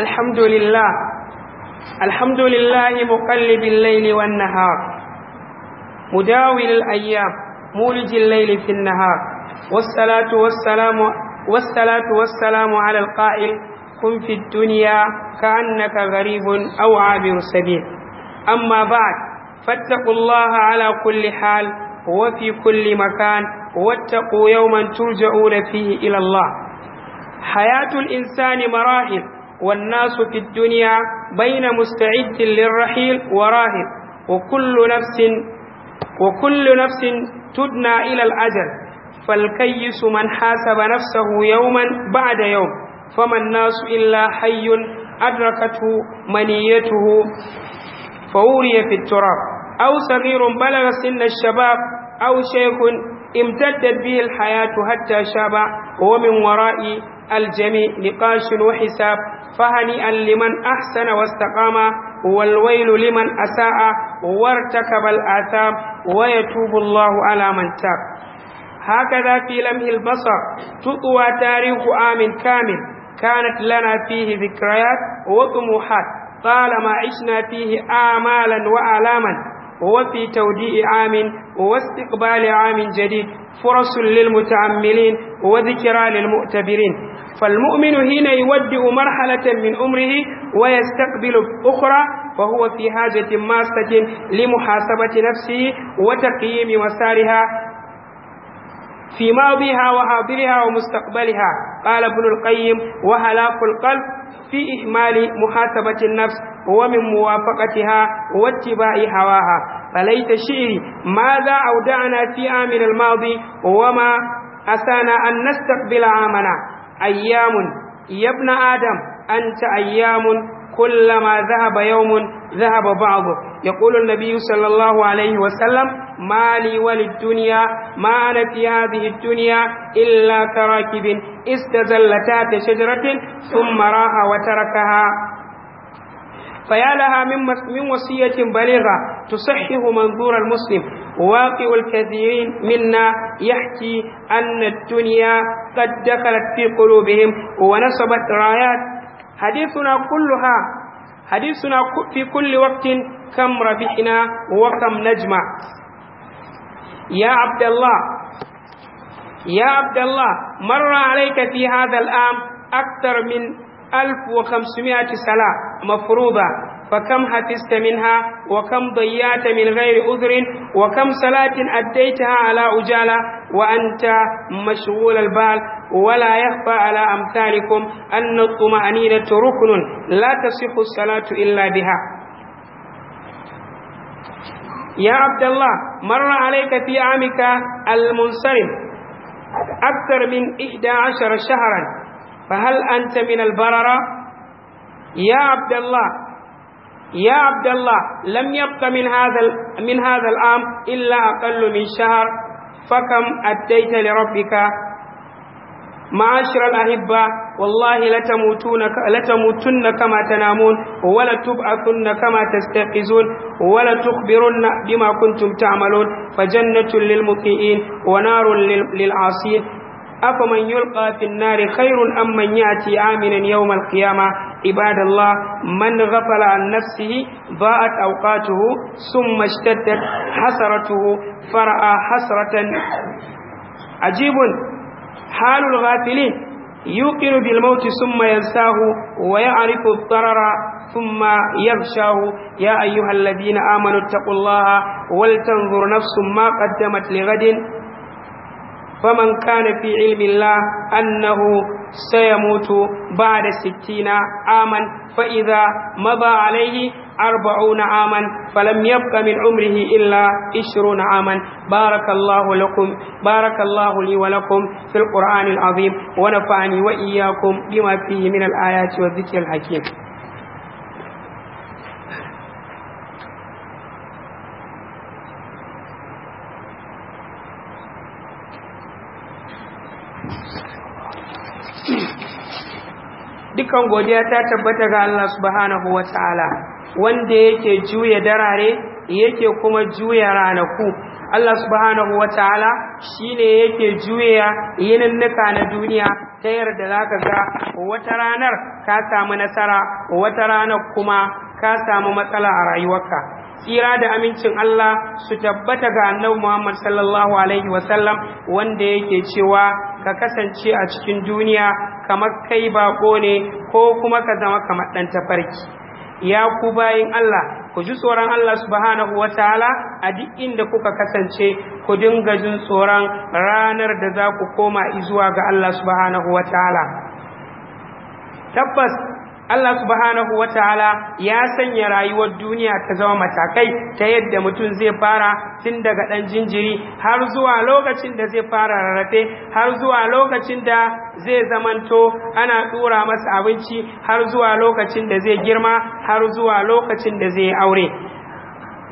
الحمد لله الحمد لله مقلب الليل والنهار مداوي الأيام مولج الليل في النهار والصلاة والسلام والصلاة والسلام على القائل كن في الدنيا كأنك غريب أو عابر سبيل أما بعد فاتقوا الله على كل حال وفي كل مكان واتقوا يوما ترجعون فيه إلى الله حياة الإنسان مراحل والناس في الدنيا بين مستعد للرحيل وراهب وكل نفس وكل نفس تدنى إلى الأجل فالكيس من حاسب نفسه يوما بعد يوم فما الناس إلا حي أدركته منيته فوري في التراب أو صغير بلغ سن الشباب أو شيخ امتدت به الحياة حتى شاب ومن وراء الجميع نقاش وحساب فهنيئا لمن أحسن واستقام والويل لمن أساء وارتكب الآثام ويتوب الله على من تاب هكذا في لمح البصر تطوى تاريخ عام كامل كانت لنا فيه ذكريات وطموحات طالما عشنا فيه آمالا وآلاما وفي توديء عام واستقبال عام جديد فرص للمتعملين وذكرى للمؤتبرين فالمؤمن هنا يودع مرحلة من أمره ويستقبل أخرى فهو في حاجة ماسة لمحاسبة نفسه وتقييم مسارها في ماضيها وحاضرها ومستقبلها قال ابن القيم وهلاك القلب في إهمال محاسبة النفس ومن موافقتها واتباع هواها فليت شعري ماذا أودعنا في عامنا الماضي وما أسانا أن نستقبل عامنا أيام يا ابن آدم أنت أيام كلما ذهب يوم ذهب بعضه يقول النبي صلى الله عليه وسلم ما لي وللدنيا ما أنا في هذه الدنيا إلا كراكب استزل تحت شجرة ثم راح وتركها فيا لها من من وصية بليغة تصحح منظور المسلم واقع الكثيرين منا يحكي أن الدنيا قد دخلت في قلوبهم ونصبت رايات حديثنا كلها حديثنا في كل وقت كم ربحنا وكم نجمع يا عبد الله يا عبد الله مر عليك في هذا العام أكثر من 1500 صلاة مفروضة فكم حفظت منها وكم ضيعت من غير أذر وكم صلاة أديتها على أجالة وأنت مشغول البال ولا يخفى على أمثالكم أن الطمأنينة ركن لا تصح الصلاة إلا بها يا عبد الله مر عليك في عامك المنصرم أكثر من إحدى عشر شهرا فهل أنت من البررة يا عبد الله يا عبد الله لم يبق من هذا من هذا العام إلا أقل من شهر فكم أتيت لربك معاشر الأحبة والله لتموتون لتموتن كما تنامون ولا تبعثن كما تستيقظون ولا تخبرن بما كنتم تعملون فجنة للمطيئين ونار للعاصين أفمن يلقى في النار خير أم من يأتي آمنا يوم القيامة عباد الله من غفل عن نفسه ضاءت أوقاته ثم اشتدت حسرته فرأى حسرة عجيب حال الغافلين يوقن بالموت ثم ينساه ويعرف الضرر ثم يغشاه يا أيها الذين آمنوا اتقوا الله ولتنظر نفس ما قدمت لغد faman kana fi ilmi Allah annahu sayamutu ba'da 60 aman fa idza mada alayhi أربعون عاما فلم يبق من عمره إلا عشرون عاما بارك الله لكم بارك الله لي ولكم في القرآن العظيم ونفعني وإياكم بما فيه من الآيات والذكر الحكيم dukkan godiya ta tabbata ga Allah subhanahu ta’ala, wanda yake juya darare yake kuma juya ranaku Allah subhanahu shi ne yake juya nuka na duniya ta yarda zaka ga wata ranar ka samu nasara wata ranar kuma ka samu matsala a rayuwarka tsira da amincin Allah su tabbata ga annabi Muhammad sallallahu alaihi wasallam wanda yake cewa ka kasance a cikin duniya kamar kai bako ne ko kuma ka zama kamar ɗan tafarki ya ku bayin Allah ku ji tsoron Allah subhanahu wa ta'ala a duk inda kuka kasance ku dinga jin tsoron ranar da za ku koma zuwa ga Allah subhanahu wa ta'ala tabbas Allah subhanahu wataala ya sanya rayuwar duniya ta zama matakai ta yadda mutum zai fara tun daga ɗan jinjiri har zuwa lokacin da zai fara rarrafe har zuwa lokacin da zai zamanto ana tura masa abinci har zuwa lokacin da zai girma har zuwa lokacin da zai aure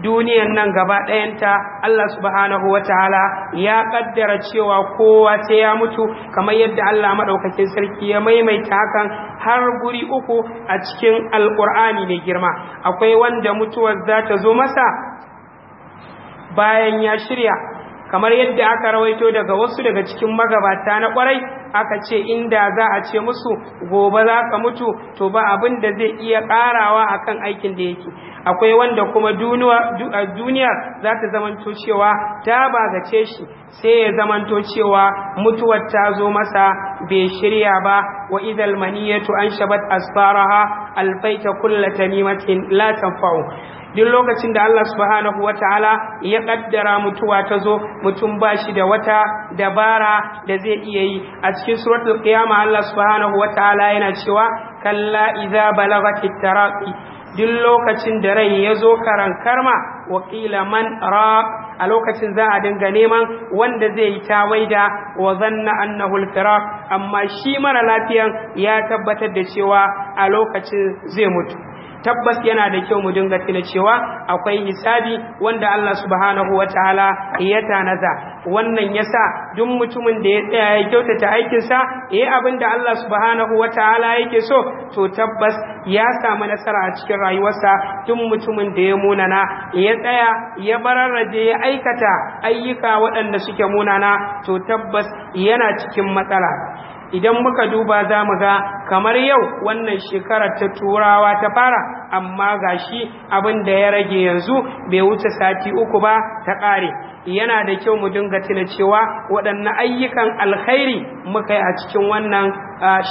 duniyan nan gaba ɗayanta Allah subhanahu ta'ala ya ƙaddara cewa kowa ce ya mutu kamar yadda Allah madaukakin sarki ya maimaita hakan har guri uku a cikin alqur'ani mai girma akwai wanda mutuwar za ta zo masa bayan ya shirya kamar yadda aka rawaito daga wasu daga cikin magabata na kwarai aka ce inda za a ce musu gobe za ka mutu to ba abin da zai iya karawa akan aikin da yake akwai wanda kuma duniya za ta zamanto cewa ta ce shi sai ya zamanto cewa mutuwar ta zo masa bai shirya ba wa idal maniyatu an shabat asfaraha alfaita kulla tamimatin la tanfa'u duk lokacin da Allah subhanahu ta'ala ya kaddara mutuwa ta zo mutum ba shi da wata dabara da zai iya yi a cikin suratul qiyama Allah subhanahu ta'ala yana cewa kalla idza balagatit taraqi duk lokacin da rai ya zo karan karma wakila man ra a lokacin za a dinga neman wanda zai yi tawaida wa zanna annahu al-firaq amma shi mara lafiyan ya tabbatar da cewa a lokacin zai mutu tabbas yana da kyau mu dinga tuna cewa akwai hisabi wanda Allah subhanahu wataala ya tanaza wannan yasa duk mutumin da ya tsaya ya kyautata aikinsa eh abin da Allah subhanahu wataala yake so to tabbas ya samu nasara a cikin rayuwarsa duk mutumin da ya munana ya tsaya ya bararraje ya aikata ayyuka waɗanda suke munana to tabbas yana cikin matsala idan muka duba za mu ga kamar yau wannan shekarar ta turawa ta fara amma gashi abin da ya rage yanzu bai wuce sati uku ba ta ƙare yana da kyau mu dinga tuna cewa waɗanne ayyukan alkhairi muka yi a cikin wannan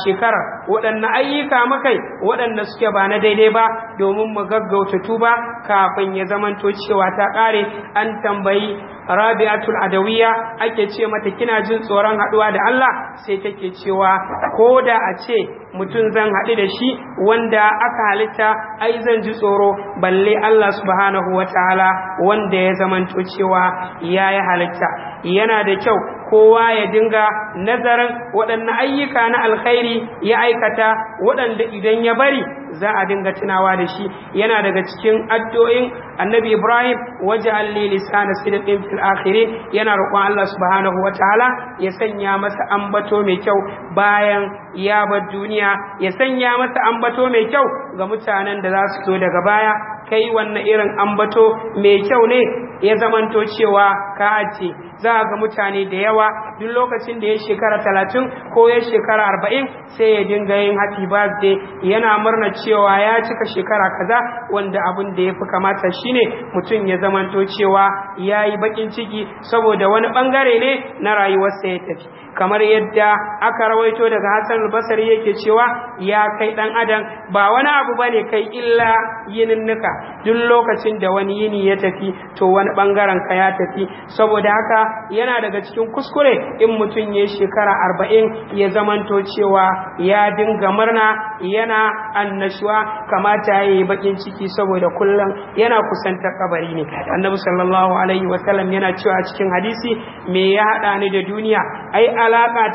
shekarar waɗanne ayyuka muka yi waɗanne suke ba na daidai ba domin mu gaggauta tuba kafin ya zamanto cewa ta ƙare an tambayi rabi'atul adawiyya ake ce mata kina jin tsoron haduwa da Allah sai take cewa ko da a ce mutum zan haɗu da shi wanda aka halitta ai zan ji tsoro balle Allah subhanahu wataala wanda ya zamanto cewa ya halitta yana da kyau kowa ya dinga nazarin waɗannan ayyuka na alkhairi ya aikata waɗanda idan ya bari za a dinga tunawa da shi yana daga cikin addu'o'in annabi ibrahim waj'al li lisana sidqin fil akhirin yana roƙon Allah subhanahu wataala ya sanya masa ambato mai kyau bayan ya bar duniya ya sanya masa ambato mai kyau ga mutanen da za su zo daga baya kai wannan irin ambato mai kyau ne ya zamanto cewa ka ce. za ga mutane da yawa duk lokacin da ya shekara talatin ko ya shekara arba'in sai ya dinga yin happy birthday yana murna cewa ya cika shekara kaza wanda abin da ya fi kamata shine mutum ya zamanto cewa ya yi bakin ciki saboda wani bangare ne na rayuwarsa ya tafi kamar yadda aka rawaito daga hassan Albasar yake cewa ya kai dan adam ba wani abu bane kai illa yininnuka duk lokacin da wani yini ya tafi to wani bangaren ka ya tafi saboda haka yana daga cikin kuskure in mutum ya shekara arba'in ya zamanto cewa ya dinga murna yana annashuwa kamata ya yi bakin ciki saboda kullum yana kusanta kabari ne annabi sallallahu alaihi wasallam yana cewa cikin hadisi me ya haɗa ni da duniya ai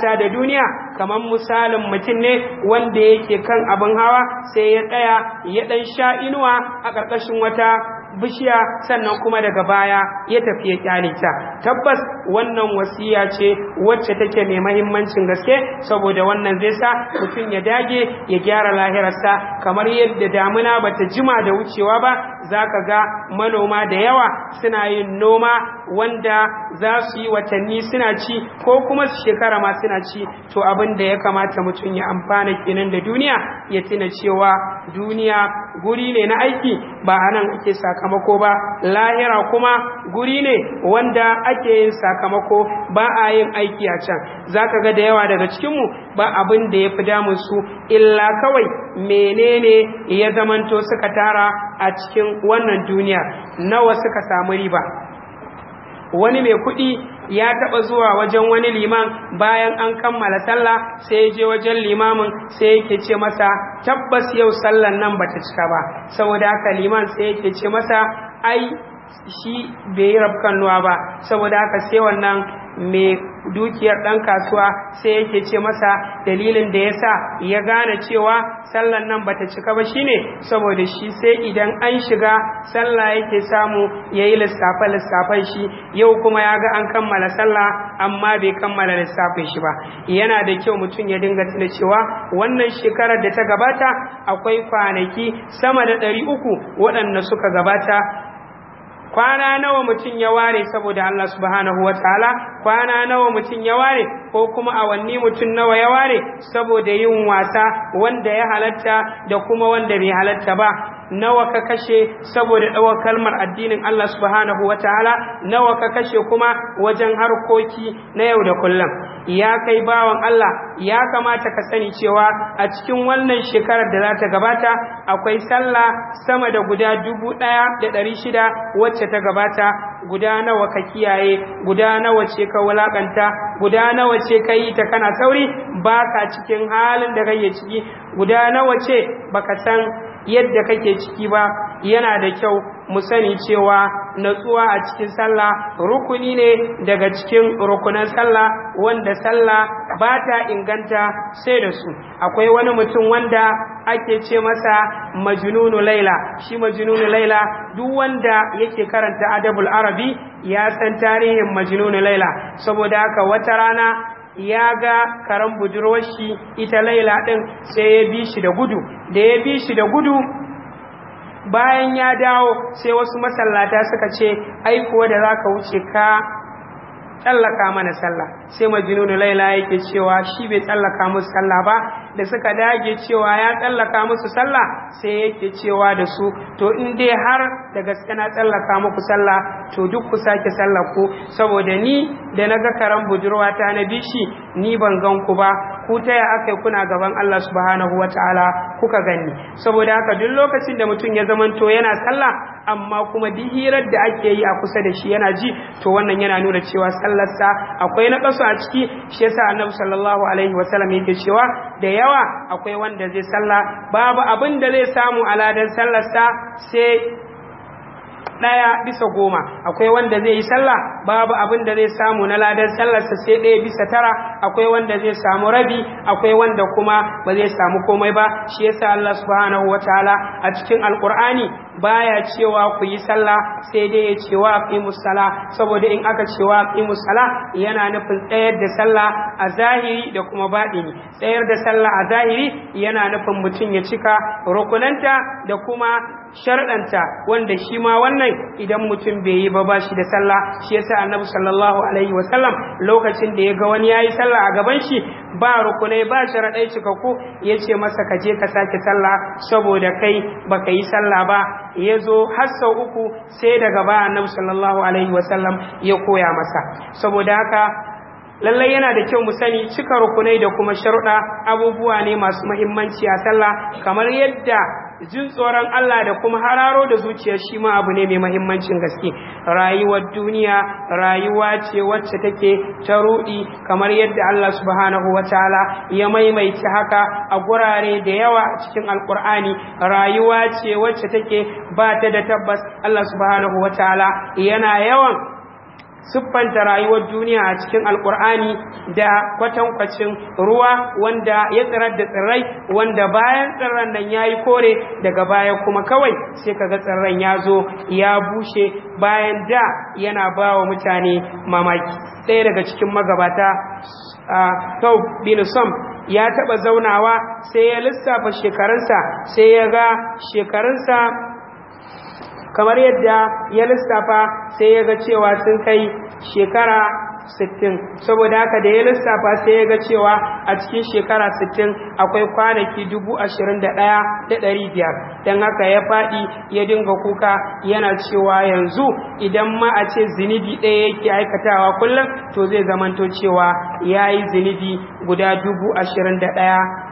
ta da duniya kamar misalin mutum ne wanda yake kan abin hawa sai ya tsaya ya dan sha inuwa a ƙarƙashin wata bishiya sannan kuma daga baya ya tafi ya kyale ta tabbas wannan wasiya ce wacce take mai mahimmancin gaske saboda wannan zai sa mutum ya dage ya gyara lahirarsa kamar yadda damuna ta jima da wucewa ba zaka ga manoma da yawa suna yin noma wanda za su yi watanni suna ci ko kuma su shekara ma suna ci to abin da ya kamata mutum ya amfana kenan da duniya ya tuna cewa duniya guri ne na aiki ba a nan ake saka sakamako ba lahira kuma guri ne wanda ake yin sakamako ba a yin aiki a can zaka ga da yawa daga cikinmu ba abin da ya fi damun su illa kawai menene ya zamanto suka tara a cikin wannan duniya nawa suka samu riba wani mai kuɗi ya taɓa zuwa wajen wani liman bayan an kammala sallah sai ya je wajen limamin sai yake ce masa tabbas yau sallan nan bata cika ba saboda haka liman sai yake ce masa ai shi bai yi nuwa ba saboda haka sai wannan mai dukiyar ɗan kasuwa sai yake ce masa dalilin da ya sa ya gane cewa sallan nan bata cika ba shine saboda shi sai idan an shiga sallah yake samu ya yi lissafe lissafen shi yau kuma ya ga an kammala sallah amma bai kammala lissafin shi ba yana da kyau mutum ya dinga tuna cewa wannan shekarar da ta gabata akwai kwanaki sama da ɗari uku waɗanda suka gabata kwana nawa mutum ya ware saboda Allah subhanahu wataala kwana nawa mutum ya ware ko kuma awanni mutum nawa ya ware saboda yin wasa wanda ya halatta da kuma wanda bai halatta ba nawa ka kashe saboda ɗawar kalmar addinin Allah subhanahu wa ta'ala nawa ka kashe kuma wajen harkoki na yau da kullum ya kai bawan Allah ya kamata ka sani cewa a cikin wannan shekarar da za ta gabata akwai sallah sama da guda dubu ɗaya da ɗari shida wacce ta gabata guda nawa ka kiyaye guda nawa ce ka walakanta guda nawa ce ka ta kana sauri ba ka cikin halin da kake ciki guda nawa ce baka san yadda kake ciki ba yana da kyau mu sani cewa natsuwa a cikin sallah rukuni ne daga cikin rukunan sallah wanda sallah ba ta inganta sai da su akwai wani mutum wanda ake ce masa majnunu laila shi majnunu laila duk wanda yake karanta adabul arabi ya san tarihin majnunu laila saboda haka wata rana ya ga karan budurwar shi ita laila ɗin sai ya bi shi da gudu da ya bi shi da gudu bayan ya dawo sai wasu masallata suka ce ai kuwa da ka wuce ka tsallaka mana sallah sai majnunu laila yake cewa shi bai tsallaka musu sallah ba da suka dage cewa ya tsallaka musu sallah sai yake cewa da su to in dai har da gaske na tsallaka muku sallah to duk ku sake sallah ku saboda ni da naga karan budurwa ta na bishi ni ban gan ku ba ku ta ya aka kuna gaban Allah subhanahu wa ta'ala kuka gani saboda haka duk lokacin da mutum ya zamanto yana sallah amma kuma duk da ake yi a kusa da shi yana ji to wannan yana nuna cewa sallarsa akwai na ƙasa a ciki shi yasa annabi sallallahu alaihi wasallam yake cewa da yawa akwai wanda zai sallah babu abin da zai samu aladan sallarsa sai ɗaya bisa goma akwai wanda zai yi sallah babu abin da zai samu na ladan sa sai ɗaya bisa tara akwai wanda zai samu rabi akwai wanda kuma ba zai samu komai ba shi yasa Allah subhanahu wataala a cikin alkur'ani baya cewa ku yi sallah sai dai ya ce wa aqimus sala saboda in aka ce wa aqimus sala yana nufin tsayar da sallah a zahiri da kuma baɗini tsayar da sallah a zahiri yana nufin mutum ya cika rukunanta da kuma sharɗanta wanda shi ma wannan idan mutum bai yi ba ba shi da sallah shi yasa annabi sallallahu alaihi wasallam lokacin da ya ga wani yayi sallah a gaban shi ba rukunai ba sharaɗai cikakku ya ce masa ka je ka sake sallah saboda kai baka yi sallah ba ya zo har sau uku sai daga ba annabi sallallahu alaihi wasallam ya koya masa saboda haka lallai yana da kyau mu sani cika rukunai da kuma sharuɗa abubuwa ne masu muhimmanci a sallah kamar yadda jin tsoron Allah da kuma hararo da zuciyar shi ma abu ne mai mahimmancin gaske rayuwar duniya rayuwa ce wacce take ta rudi kamar yadda Allah subhanahu wataala ya maimaita haka a gurare da yawa a cikin alkur'ani rayuwa ce wacce take ba ta da tabbas Allah subhanahu wataala yana yawan siffanta rayuwar duniya a cikin alkur'ani da kwatankwacin ruwa wanda ya tsirar da tsirrai wanda bayan tsirran nan ya yi kore daga baya kuma kawai sai kaga tsirran ya zo ya bushe bayan da yana ba wa mutane mamaki ɗaya daga cikin magabata tau bin sam ya taɓa zaunawa sai ya lissafa shekarunsa sai ya ga shekarunsa kamar yadda ya lissafa sai ya ga cewa sun kai shekara sittin saboda haka da ya lissafa sai ya ga cewa a cikin shekara sittin akwai kwanaki dubu ashirin da ɗari biyar don haka ya faɗi ya dinga kuka yana cewa yanzu idan ma a ce zinibi ɗaya yake aikatawa kullum to zai zamanto cewa ya yi zinibi guda dubu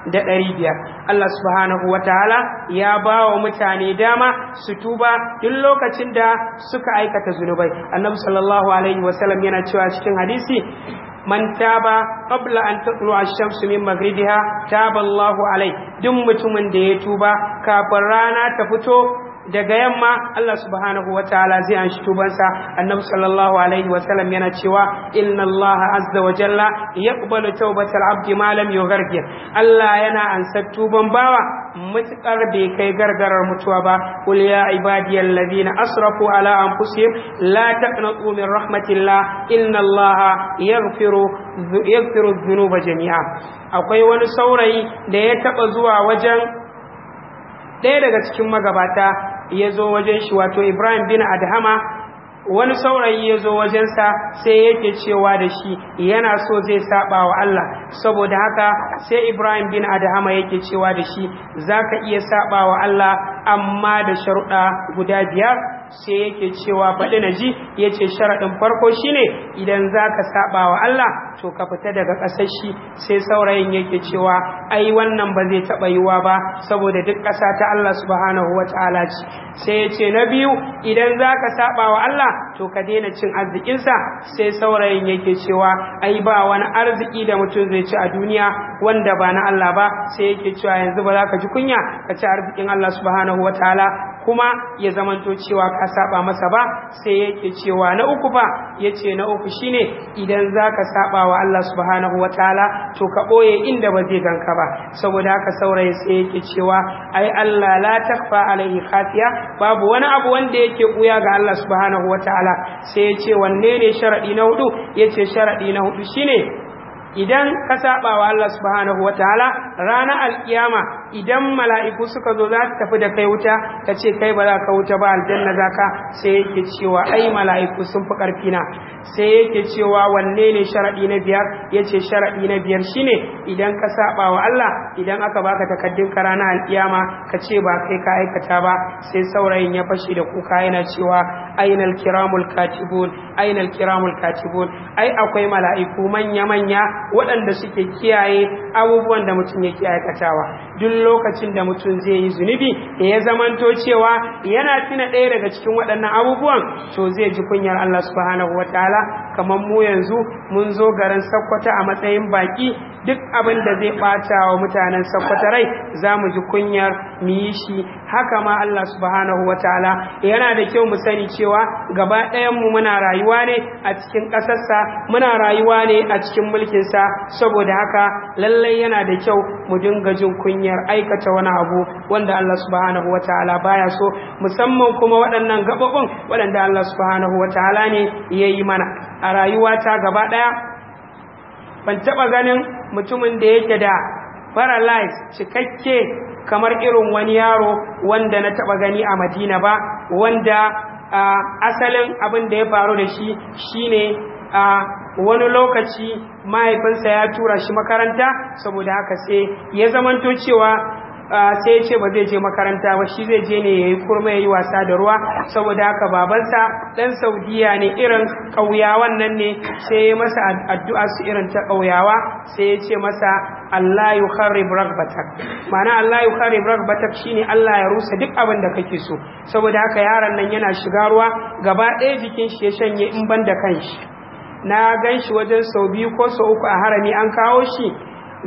da ɗari biyar Allah subhanahu wa ta'ala ya ba wa mutane dama su tuba duk lokacin da suka aikata zunubai annabi sallallahu alaihi wasallam yana cewa cikin hadisi man taba qabla an tatlu ash-shamsu min maghribiha taba Allahu alai duk mutumin da ya tuba kafin rana ta fito daga yamma Allah subhanahu wa ta'ala zai an shi tubansa annabi sallallahu alaihi wa sallam yana cewa inna Allah azza wa jalla yaqbalu tawbatal abdi ma lam yughargir Allah yana ansar tuban bawa mutsar bai kai gargarar mutuwa ba qul ya ibadiyal ladina asrafu ala anfusihim la taqnatu min rahmatillah inna Allah yaghfiru yaghfiru dhunuba jami'a akwai wani saurayi da ya taba zuwa wajen ɗaya daga cikin magabata ya zo wajen shi wato ibrahim bin adhama wani saurayi ya zo wajensa sai yake cewa da shi yana so zai saba wa Allah saboda haka sai ibrahim bin adhama yake cewa da shi za ka iya saba wa Allah amma da sharuɗa guda biyar sai yake cewa faɗi na ji ya sharaɗin farko shine idan za ka saɓa wa Allah to ka fita daga ƙasar sai saurayin yake cewa ai wannan ba zai taɓa yiwa ba saboda duk ƙasa ta Allah subhanahu wa ta'ala ce sai ya ce na biyu idan za ka saba wa Allah to ka daina cin arzikinsa sai saurayin yake cewa ai ba wani arziki da mutum zai ci a duniya wanda ba na Allah ba sai yake cewa yanzu ba za ka ji kunya ka ci arzikin Allah subhanahu wataala kuma ya zamanto cewa ka saba masa ba sai yake cewa na uku ba yace na uku shine idan za ka saba wa Allah subhanahu wataala to ka boye inda ba zai ganka ba saboda haka saurayi sai yake cewa ai Allah la takfa alaihi khafiya babu wani abu wanda yake buya ga Allah subhanahu wataala sai yace wanne ne sharadi na hudu yace sharadi na hudu shine idan ka saba wa Allah subhanahu wataala ranar alkiyama idan mala'iku suka zo za su tafi da kai wuta ka ce kai ba za ka wuta ba aljanna za ka sai yake cewa ai mala'iku sun fi ƙarfi na sai yake cewa wanne ne sharaɗi na biyar ya ce sharaɗi na biyar shi ne, idan ka saɓa wa Allah idan aka baka takaddun ka ranar alƙiyama ka ce ba kai ka aikata ba sai saurayin ya fashe da kuka yana cewa ainal kiramul katibun ainal kiramul katibun ai akwai mala'iku manya-manya waɗanda suke kiyaye abubuwan da mutum yake aikatawa duk lokacin da mutum zai yi zunubi da ya zamanto cewa yana tuna ɗaya daga cikin waɗannan abubuwan to zai ji kunyar Allah subhanahu wataala kamar mu yanzu mun zo garin sakkwata a matsayin baki duk abin da zai ɓata wa mutanen sakkwata rai za mu ji kunyar mu shi haka ma Allah subhanahu wa ta'ala yana da kyau mu sani cewa gaba ɗayan mu muna rayuwa ne a cikin ƙasarsa muna rayuwa ne a cikin mulkinsa saboda haka lallai yana da kyau mu dinga jin kunyar aikata wani abu wanda Allah subhanahu wa ta'ala baya so musamman kuma waɗannan gaɓaɓɓun waɗanda Allah subhanahu wa ta'ala ne ya yi mana a rayuwata gaba ɗaya ban taɓa ganin mutumin da yake da Paralyze cikakke kamar irin wani yaro wanda na taɓa gani a madina ba wanda asalin abin da ya faru da shi shine a wani lokaci mahaifinsa ya tura shi makaranta saboda haka sai ya zamanto cewa sai ya ce ba zai je makaranta ba shi zai je ne ya yi kurma ya yi wasa da ruwa saboda haka babansa ɗan saudiya ne irin ƙauyawan nan ne sai ya masa addu'a su irin ta ƙauyawa sai ya ce masa Allah yu kharrib ragbatak ma'ana Allah yu kharrib ragbatak shine Allah ya rusa duk abin da kake so saboda haka yaron nan yana shiga ruwa gaba ɗaya jikin shi ya shanye in ban da kanshi na gan shi wajen sau biyu ko sau uku a harami an kawo shi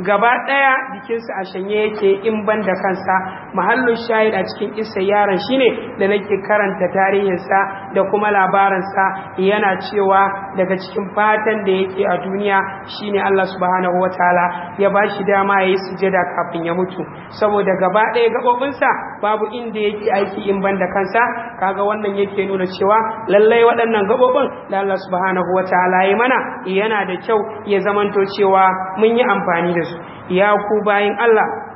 gaba ɗaya jikinsu a shanye yake in ban da kansa mahallin shahid a cikin isa yaron ne da nake karanta tarihinsa da kuma labaransa yana cewa daga cikin fatan da yake a duniya shi ne Allah subhanahu wataala ya ba shi dama ya yayi sujada kafin ya mutu saboda gaba ɗaya gaɓobinsa babu inda yake aiki in ban da kansa kaga wannan yake nuna cewa lallai waɗannan gabobin da Allah subhanahu wataala ya mana yana da kyau ya zamanto cewa mun yi amfani da su ya ku bayan Allah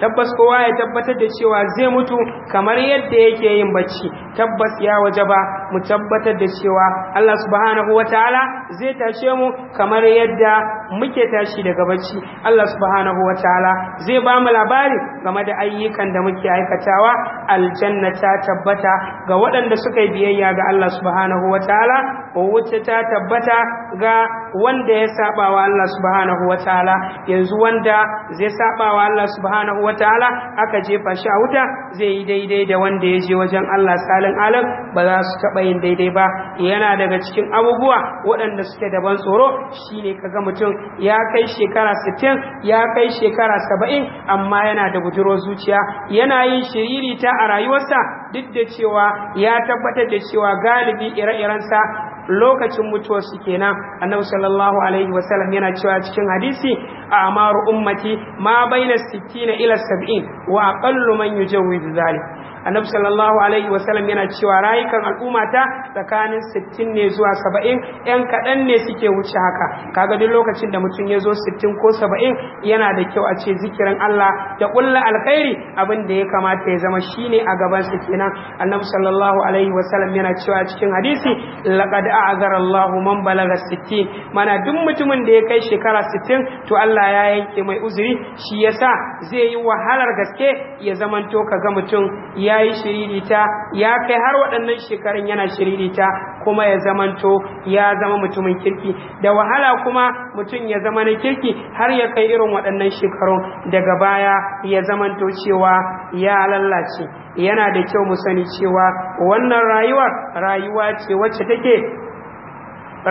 tabbas kowa ya tabbatar da cewa zai mutu kamar yadda yake yin bacci tabbas ya waje ba. mu tabbatar da cewa Allah subhanahu wataala zai tashe mu kamar yadda muke tashi daga bacci Allah subhanahu wataala zai ba mu labari game da ayyukan da muke aikatawa aljanna ta tabbata ga waɗanda suka yi biyayya ga Allah subhanahu wataala wuce ta tabbata ga wanda ya saba wa Allah subhanahu wataala yanzu wanda zai saba wa Allah subhanahu wataala aka jefa shi a wuta zai yi daidai da wanda ya je wajen Allah salin alam ba za su taɓa bayin daidai ba yana daga cikin abubuwa waɗanda suke da ban tsoro shine kaga mutum ya kai shekara 60 ya kai shekara 70 amma yana da budurwar zuciya yana yin shiririta a rayuwarsa duk da cewa ya tabbatar da cewa galibi ire-irensa lokacin su kenan annabi sallallahu alaihi wasallam yana cewa cikin hadisi a amaru ummati ma baina 60 ila 70 wa aqallu man yujawwidu zalik annabi sallallahu alaihi wasallam yana cewa rayukan al'ummata tsakanin 60 ne zuwa 70 yan kaɗan ne suke wuce haka kaga duk lokacin da mutum ya zo 60 ko 70 yana da kyau a ce zikirin Allah da ƙulla alkhairi abin da ya kamata ya zama shine a gaban su kenan annabi sallallahu alaihi wasallam yana cewa cikin hadisi laqad a'zara Allah man balaga 60 mana duk mutumin da ya kai shekara 60 to Allah ya yanke mai uzuri shi yasa zai yi wahalar gaske ya zamanto kaga mutum ya yi shiririta ya kai har waɗannan shekarun yana shiririta kuma ya zamanto ya zama mutumin kirki da wahala kuma mutum ya zama na kirki har ya kai irin waɗannan shekarun daga baya ya zamanto cewa ya lallace yana da kyau mu sani cewa wannan rayuwar rayuwa ce wacce take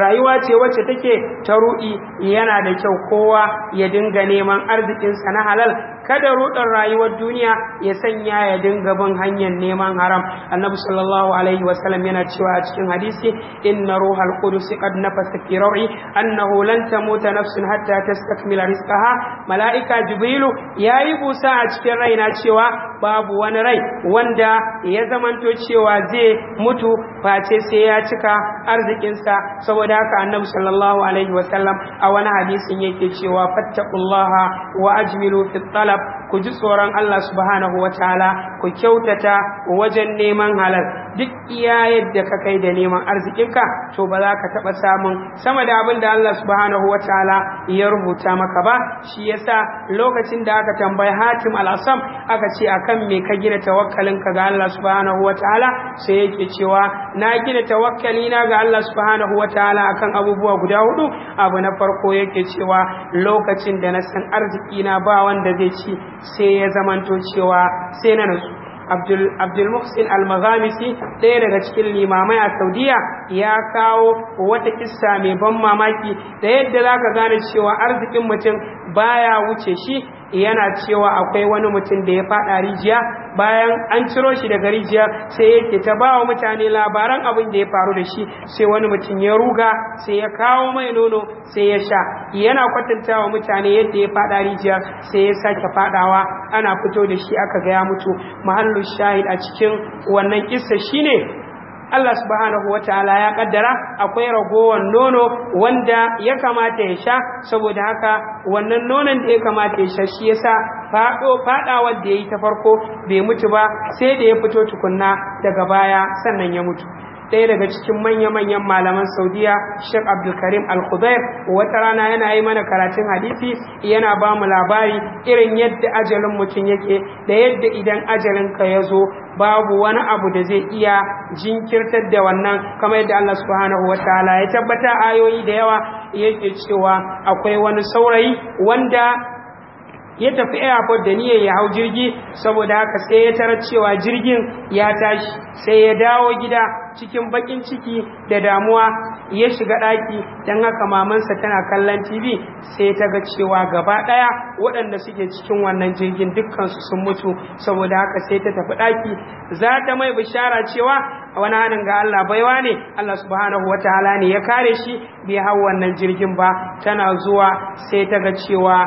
rayuwa ce wacce take ta ruɗi yana da kyau kowa ya dinga neman arzikinsa na halal kada rudan rayuwar duniya ya sanya ya dinga bin hanyar neman haram annabi sallallahu alaihi wasallam yana cewa a cikin hadisi inna ruhal qudus qad nafasa fi ru'i annahu lan tamuta nafsun hatta tastakmila rizqaha malaika jibrilu yayi busa a cikin raina cewa babu wani rai wanda ya zamanto cewa zai mutu face sai ya cika arzikinsa saboda haka annabi sallallahu alaihi wasallam a wani hadisin yake cewa fattaqullaha wa ajmilu fi have ku ji tsoron Allah subhanahu ta'ala ku kyautata wajen neman halal duk iya yadda ka kai da neman arzikinka to ba za ka taɓa samun sama da abin da Allah subhanahu ta'ala ya rubuta maka ba shi yasa lokacin da aka tambayi Hatim al-Asam aka ce akan me ka gina tawakkalinka ga Allah subhanahu ta'ala sai yake cewa na gina tawakkalina ga Allah subhanahu ta'ala akan abubuwa guda hudu abu na farko yake cewa lokacin da na san arzikina ba wanda zai ci sai ya zamanto cewa sai na nasu abdul muhsin al mazamisi ɗaya daga cikin limamai a saudiya ya kawo wata kissa mai ban mamaki da yadda za ka gane cewa arzikin mutum baya wuce shi yana cewa akwai wani mutum da ya fada rijiya bayan an ciro shi daga rijiya sai yake ta ba mutane labaran abin da ya faru da shi sai wani mutum ya ruga sai ya kawo mai nono sai ya sha yana kwatanta wa mutane yadda ya fada rijiya sai ya sake fadawa ana fito da shi aka ga ya mutu mahallu shahid a cikin wannan kissa shine Allah subhanahu ta'ala ya kaddara akwai ragowar nono wanda ya kamata ya sha saboda haka wannan nonon da ya kamata ya sha shi yasa fado fadawar da yayi ta farko bai mutu ba sai da ya fito tukunna daga baya sannan ya mutu ɗaya daga cikin manya-manyan malaman saudiya shek abdulkarim al-khudair wata rana yana yi mana karatun hadisi yana ba mu labari irin yadda ajalin mutum yake da yadda idan ajalin ka ya zo babu wani abu da zai iya jinkirtar da wannan kamar yadda allah subhanahu wataala ya tabbata ayoyi da yawa yake cewa akwai wani saurayi wanda ya tafi airport da niyyar ya hau jirgi saboda haka sai ya tarar cewa jirgin ya tashi sai ya dawo gida cikin bakin ciki da damuwa ya shiga ɗaki don haka mamansa tana kallon tv sai ta ga cewa gaba ɗaya waɗanda suke cikin wannan jirgin dukkansu sun mutu saboda haka sai ta tafi ɗaki za ta mai bishara cewa a wani hannun ga Allah baiwa ne Allah subhanahu wataala ne ya kare shi bai hau wannan jirgin ba tana zuwa sai ta ga cewa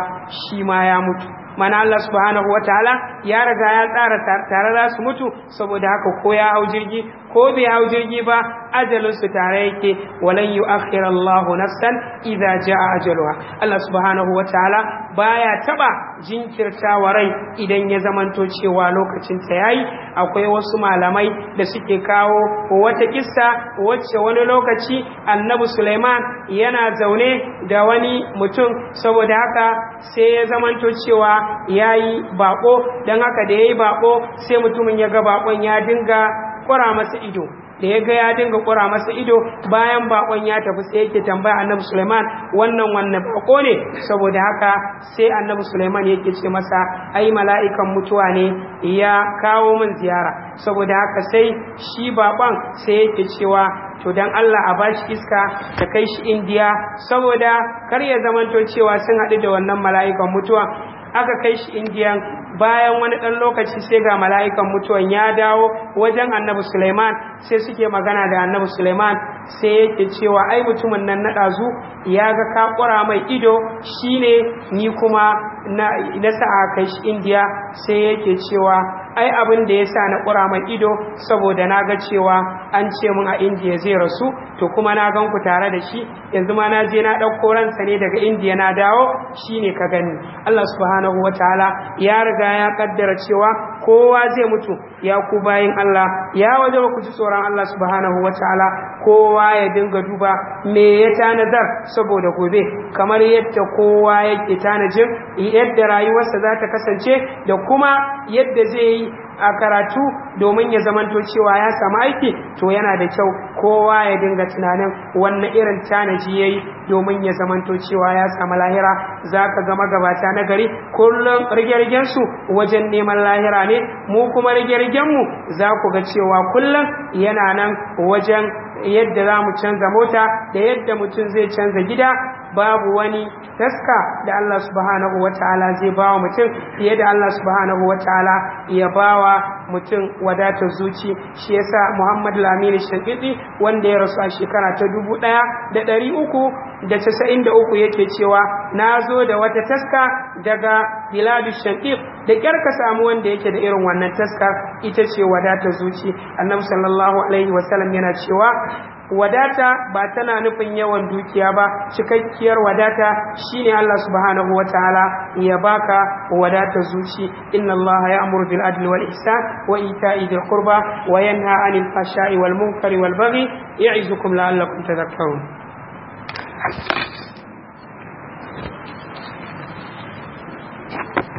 shi ma ya mutu mana Allah subhanahu wataala ya riga ya tsara tare za su mutu saboda haka ko ya hau jirgi ko bai hau jirgi ba ajalin su tare yake walan yu'akhkhir Allah nafsan idza jaa ajaluha Allah subhanahu wataala baya taba jinkirtawa rai idan ya zamanto cewa lokacin ta yayi akwai wasu malamai da suke kawo wata kissa wacce wani lokaci Annabi Sulaiman yana zaune da wani mutum saboda haka sai ya zamanto cewa ya yi bako don haka da ya yi bako sai mutumin ya ga bakon ya dinga kura masa ido da ya ga ya dinga kura masa ido bayan bakon ya tafi sai yake tambaya annabi suleiman wannan wannan bako ne saboda haka sai annabi ya yake ce masa ai mala'ikan mutuwa ne ya kawo min ziyara saboda haka sai shi bakon sai yake cewa to dan Allah a bashi iska ta kai shi indiya saboda kar ya zamanto cewa sun haɗu da wannan mala'ikan mutuwa aka kai shi indiyan bayan wani ɗan lokaci sai ga mala'ikan mutuwan ya dawo wajen Annabu suleiman sai suke magana da Annabu suleiman sai yake cewa ai mutumin nan na ɗazu ya ga kakura mai ido shine ni kuma na sa'a kai shi indiya sai yake cewa ai abin da ya sa na ƙura mai ido saboda na ga cewa an ce mun a indiya zai rasu to kuma na gan tare da shi yanzu ma na je na ɗauko ransa ne daga indiya na dawo shi ne ka gani allah subhanahu wa ta'ala ya riga ya ƙaddara cewa kowa zai mutu ya ku bayin Allah ya waje ku ji tsoron Allah subhanahu wataala kowa ya dinga duba me ya tanadar saboda gobe kamar yadda kowa yake tanajin yadda rayuwarsa za ta kasance da kuma yadda zai yi a karatu domin ya zamanto cewa ya samu aiki to yana da kyau kowa ya dinga tunanin wanne irin tanaji yayi domin ya zamanto cewa ya samu lahira zaka ga magabata na gari kullum rige su wajen neman lahira ne mu kuma rige mu za ku ga cewa kullum yana nan wajen yadda za mu canza mota da yadda mutum zai canza gida babu wani taska da Allah subhanahu wataala zai bawa mutum fiye da Allah subhanahu wataala ya bawa mutum wadatar zuci shi yasa Muhammad Lamini Shakidi wanda ya rasu a shekara ta dubu ɗaya da ɗari uku casa'in da uku yake cewa na zo da wata taska daga biladu shankif da ƙyar ka samu wanda yake da irin wannan taska ita ce wadatar zuci annabi sallallahu alaihi wasallam yana cewa wadata ba tana nufin yawan dukiya ba cikakkiyar wadata shine Allah subhanahu wataala ya baka wadata zuci inna Allah ya'muru bil adli wal ihsan wa ita'i dhil qurba wa yanha 'anil fahsha'i wal munkari wal baghi ya'izukum la'allakum tadhakkarun Thank you.